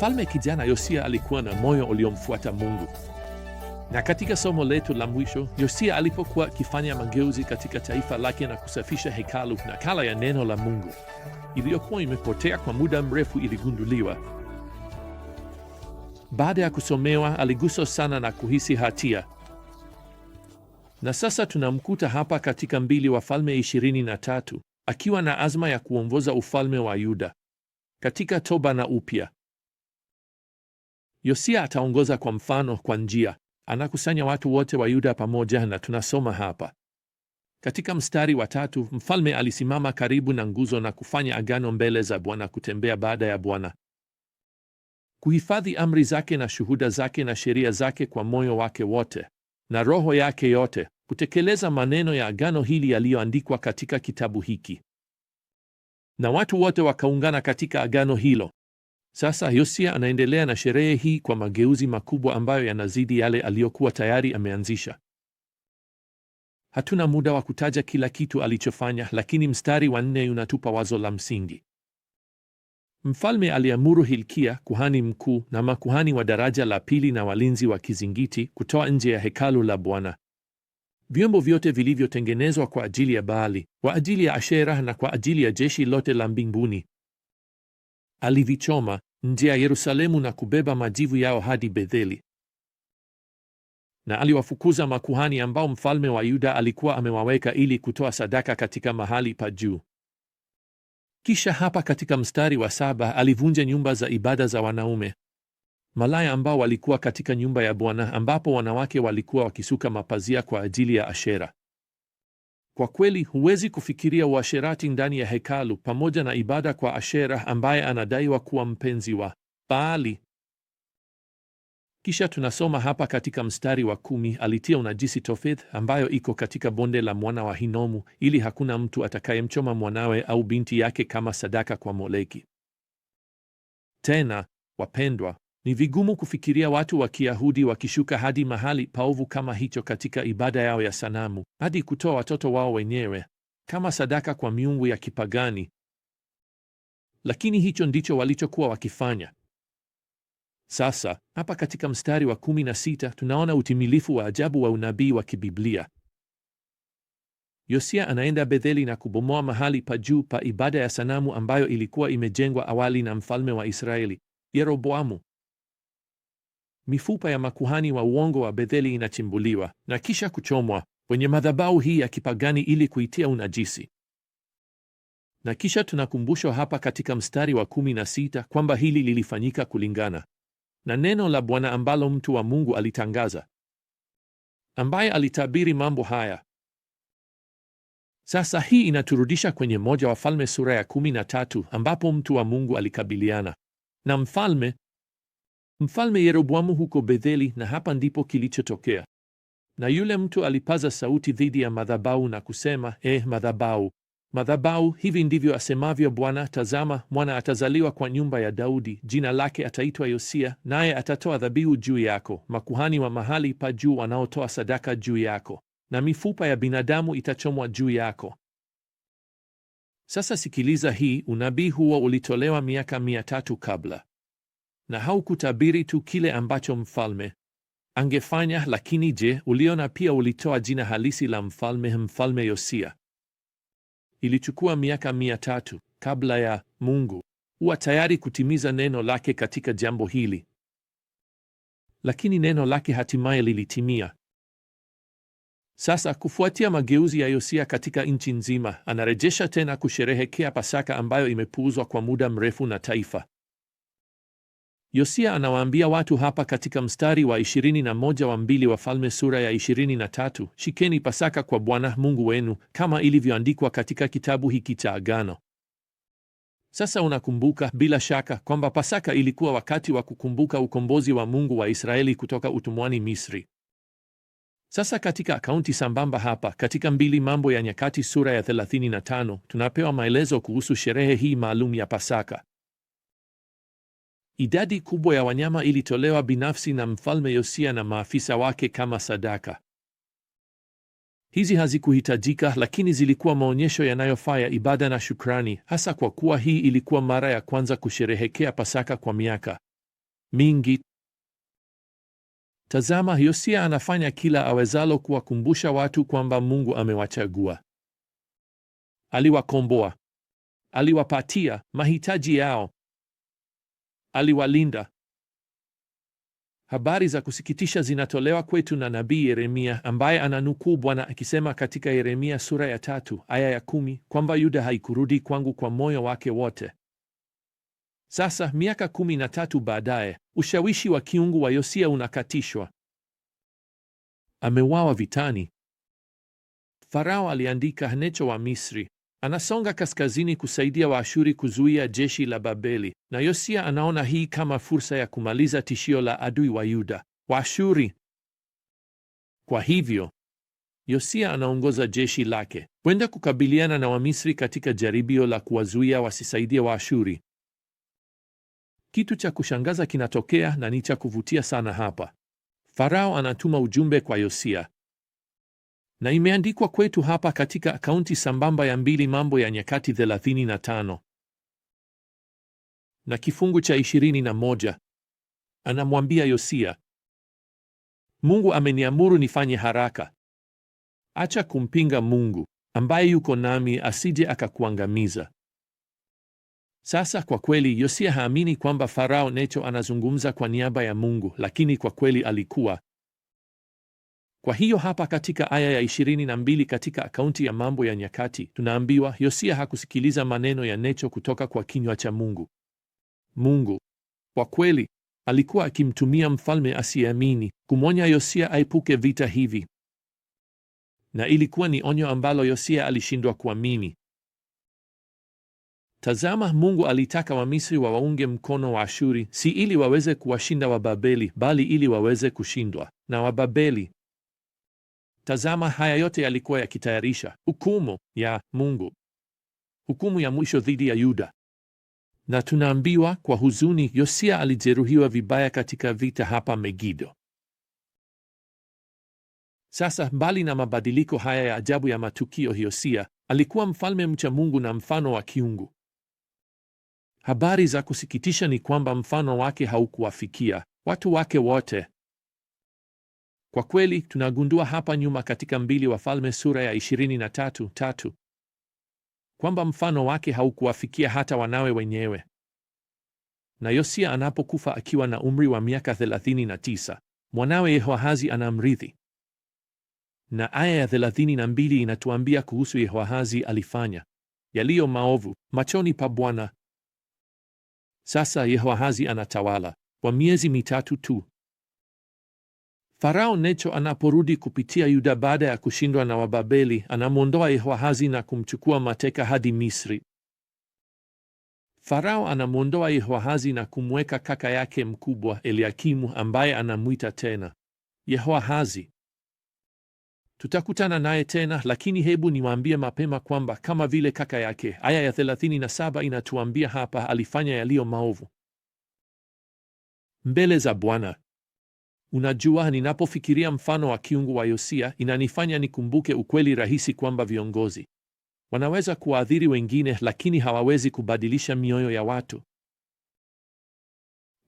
Mfalme kijana Yosia alikuwa na moyo uliomfuata Mungu, na katika somo letu la mwisho, Yosia alipokuwa akifanya mageuzi katika taifa lake na kusafisha hekalu, na kala ya neno la Mungu iliyokuwa imepotea kwa muda mrefu iligunduliwa. Baada ya kusomewa, aliguswa sana na kuhisi hatia, na sasa tunamkuta hapa katika mbili Wafalme 23 akiwa na azma ya kuongoza ufalme wa Yuda katika toba na upya. Yosia ataongoza kwa mfano, kwa njia anakusanya watu wote wa Yuda pamoja, na tunasoma hapa katika mstari wa tatu, mfalme alisimama karibu na nguzo na kufanya agano mbele za Bwana kutembea baada ya Bwana, kuhifadhi amri zake na shuhuda zake na sheria zake kwa moyo wake wote na roho yake yote, kutekeleza maneno ya agano hili yaliyoandikwa katika kitabu hiki. Na watu wote wakaungana katika agano hilo. Sasa Yosia anaendelea na sherehe hii kwa mageuzi makubwa ambayo yanazidi yale aliyokuwa tayari ameanzisha. Hatuna muda wa kutaja kila kitu alichofanya, lakini mstari wa nne unatupa wazo la msingi. Mfalme aliamuru Hilkia kuhani mkuu na makuhani wa daraja la pili na walinzi wa kizingiti kutoa nje ya hekalu la Bwana vyombo vyote vilivyotengenezwa kwa ajili ya Baali, kwa ajili ya Ashera na kwa ajili ya jeshi lote la mbinguni alivichoma njia ya Yerusalemu na kubeba majivu yao hadi Betheli. Na aliwafukuza makuhani ambao mfalme wa Yuda alikuwa amewaweka ili kutoa sadaka katika mahali pa juu. Kisha hapa katika mstari wa saba alivunja nyumba za ibada za wanaume malaya ambao walikuwa katika nyumba ya Bwana ambapo wanawake walikuwa wakisuka mapazia kwa ajili ya Ashera. Kwa kweli huwezi kufikiria uasherati ndani ya hekalu pamoja na ibada kwa Ashera ambaye anadaiwa kuwa mpenzi wa Baali. Kisha tunasoma hapa katika mstari wa kumi, alitia unajisi Tofeth ambayo iko katika bonde la mwana wa Hinomu, ili hakuna mtu atakayemchoma mwanawe au binti yake kama sadaka kwa Moleki. Tena wapendwa, ni vigumu kufikiria watu wa Kiyahudi wakishuka hadi mahali paovu kama hicho katika ibada yao ya sanamu, hadi kutoa watoto wao wenyewe kama sadaka kwa miungu ya kipagani. Lakini hicho ndicho walichokuwa wakifanya. Sasa hapa katika mstari wa 16 tunaona utimilifu wa ajabu wa unabii wa kibiblia. Yosia anaenda Betheli na kubomoa mahali pa juu pa ibada ya sanamu ambayo ilikuwa imejengwa awali na mfalme wa Israeli Yeroboamu mifupa ya makuhani wa uongo wa Betheli inachimbuliwa na kisha kuchomwa kwenye madhabahu hii ya kipagani ili kuitia unajisi. Na kisha tunakumbushwa hapa katika mstari wa kumi na sita kwamba hili lilifanyika kulingana na neno la Bwana ambalo mtu wa Mungu alitangaza, ambaye alitabiri mambo haya. Sasa hii inaturudisha kwenye moja wa Falme sura ya kumi na tatu ambapo mtu wa Mungu alikabiliana na mfalme Mfalme Yeroboamu huko Betheli, na hapa ndipo kilichotokea. Na yule mtu alipaza sauti dhidi ya madhabau na kusema, eh, madhabau, madhabau, hivi ndivyo asemavyo Bwana, tazama, mwana atazaliwa kwa nyumba ya Daudi, jina lake ataitwa Yosia, naye atatoa dhabihu juu yako, makuhani wa mahali pa juu wanaotoa sadaka juu yako, na mifupa ya binadamu itachomwa juu yako. Sasa sikiliza hii, unabii huo ulitolewa miaka mia tatu kabla na haukutabiri tu kile ambacho mfalme angefanya, lakini je, uliona pia ulitoa jina halisi la mfalme, mfalme Yosia? Ilichukua miaka mia tatu kabla ya Mungu huwa tayari kutimiza neno lake katika jambo hili, lakini neno lake hatimaye lilitimia. Sasa kufuatia mageuzi ya Yosia katika nchi nzima, anarejesha tena kusherehekea Pasaka ambayo imepuuzwa kwa muda mrefu na taifa Yosia anawaambia watu hapa katika mstari wa 21 wa mbili wa Falme sura ya 23, shikeni Pasaka kwa Bwana Mungu wenu kama ilivyoandikwa katika kitabu hiki cha Agano. Sasa unakumbuka bila shaka kwamba Pasaka ilikuwa wakati wa kukumbuka ukombozi wa Mungu wa Israeli kutoka utumwani Misri. Sasa katika akaunti sambamba hapa katika mbili Mambo ya Nyakati sura ya 35, tunapewa maelezo kuhusu sherehe hii maalum ya Pasaka. Idadi kubwa ya wanyama ilitolewa binafsi na mfalme Yosia na maafisa wake kama sadaka. Hizi hazikuhitajika, lakini zilikuwa maonyesho yanayofaa ya ibada na shukrani, hasa kwa kuwa hii ilikuwa mara ya kwanza kusherehekea Pasaka kwa miaka mingi. Tazama, Yosia anafanya kila awezalo kuwakumbusha watu kwamba Mungu amewachagua, aliwakomboa, aliwapatia mahitaji yao aliwalinda. Habari za kusikitisha zinatolewa kwetu na nabii Yeremia ambaye ananukuu Bwana akisema katika Yeremia sura ya tatu aya ya kumi kwamba Yuda haikurudi kwangu kwa moyo wake wote. Sasa miaka kumi na tatu baadaye, ushawishi wa kiungu wa Yosia unakatishwa. Amewawa vitani. Farao aliandika Necho wa Misri Anasonga kaskazini kusaidia Waashuri kuzuia jeshi la Babeli, na Yosia anaona hii kama fursa ya kumaliza tishio la adui wa Yuda, Waashuri. Kwa hivyo Yosia anaongoza jeshi lake kwenda kukabiliana na Wamisri katika jaribio la kuwazuia wasisaidia Waashuri. Kitu cha kushangaza kinatokea na ni cha kuvutia sana hapa. Farao anatuma ujumbe kwa Yosia na imeandikwa kwetu hapa katika akaunti sambamba ya mbili Mambo ya Nyakati 35 na kifungu cha 21, anamwambia Yosia, Mungu ameniamuru nifanye haraka, acha kumpinga Mungu ambaye yuko nami, asije akakuangamiza. Sasa kwa kweli Yosia haamini kwamba Farao Necho anazungumza kwa niaba ya Mungu, lakini kwa kweli alikuwa kwa hiyo hapa katika aya ya 22 katika akaunti ya Mambo ya Nyakati tunaambiwa Yosia hakusikiliza maneno ya Necho kutoka kwa kinywa cha Mungu. Mungu kwa kweli alikuwa akimtumia mfalme asiyeamini kumwonya Yosia aepuke vita hivi, na ilikuwa ni onyo ambalo Yosia alishindwa kuamini. Tazama, Mungu alitaka Wamisri wawaunge mkono wa Ashuri, si ili waweze kuwashinda Wababeli, bali ili waweze kushindwa na Wababeli. Tazama, haya yote yalikuwa yakitayarisha hukumu ya Mungu, hukumu ya mwisho dhidi ya Yuda. Na tunaambiwa kwa huzuni, Yosia alijeruhiwa vibaya katika vita hapa Megido. Sasa, mbali na mabadiliko haya ya ajabu ya matukio, Yosia alikuwa mfalme mcha Mungu na mfano wa kiungu. Habari za kusikitisha ni kwamba mfano wake haukuwafikia watu wake wote. Kwa kweli tunagundua hapa nyuma katika mbili Wafalme sura ya 23 tatu kwamba mfano wake haukuwafikia hata wanawe wenyewe, na Yosia anapokufa akiwa na umri wa miaka 39 mwanawe Yehoahazi anamrithi, na aya ya 32 inatuambia kuhusu Yehoahazi, alifanya yaliyo maovu machoni pa Bwana. Sasa Yehoahazi anatawala kwa miezi mitatu tu. Farao Necho anaporudi kupitia Yuda baada ya kushindwa na Wababeli, anamwondoa Yehoahazi na kumchukua mateka hadi Misri. Farao anamwondoa Yehoahazi na kumweka kaka yake mkubwa Eliakimu, ambaye anamwita tena Yehoahazi. Tutakutana naye tena, lakini hebu niwaambie mapema kwamba kama vile kaka yake, aya ya 37 inatuambia hapa, alifanya yaliyo maovu mbele za Bwana. Unajua, ninapofikiria mfano wa kiungu wa Yosia inanifanya nikumbuke ukweli rahisi kwamba viongozi wanaweza kuwaathiri wengine, lakini hawawezi kubadilisha mioyo ya watu.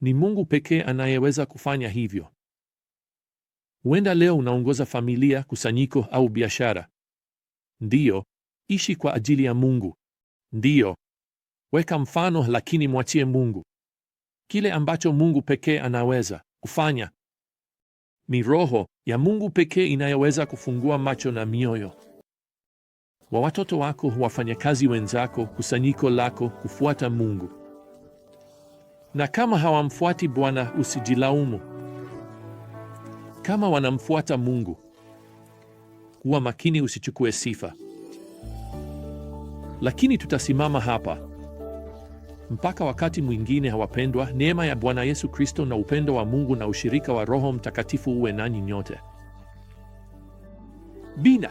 Ni Mungu pekee anayeweza kufanya hivyo. Huenda leo unaongoza familia, kusanyiko au biashara. Ndiyo, ishi kwa ajili ya Mungu. Ndiyo, weka mfano, lakini mwachie Mungu kile ambacho Mungu pekee anaweza kufanya. Ni roho ya Mungu pekee inayoweza kufungua macho na mioyo wa watoto wako, wafanyakazi wenzako, kusanyiko lako kufuata Mungu. Na kama hawamfuati Bwana, usijilaumu. Kama wanamfuata Mungu, kuwa makini usichukue sifa. Lakini tutasimama hapa mpaka wakati mwingine, hawapendwa, neema ya Bwana Yesu Kristo na upendo wa Mungu na ushirika wa Roho Mtakatifu uwe nanyi nyote. Bina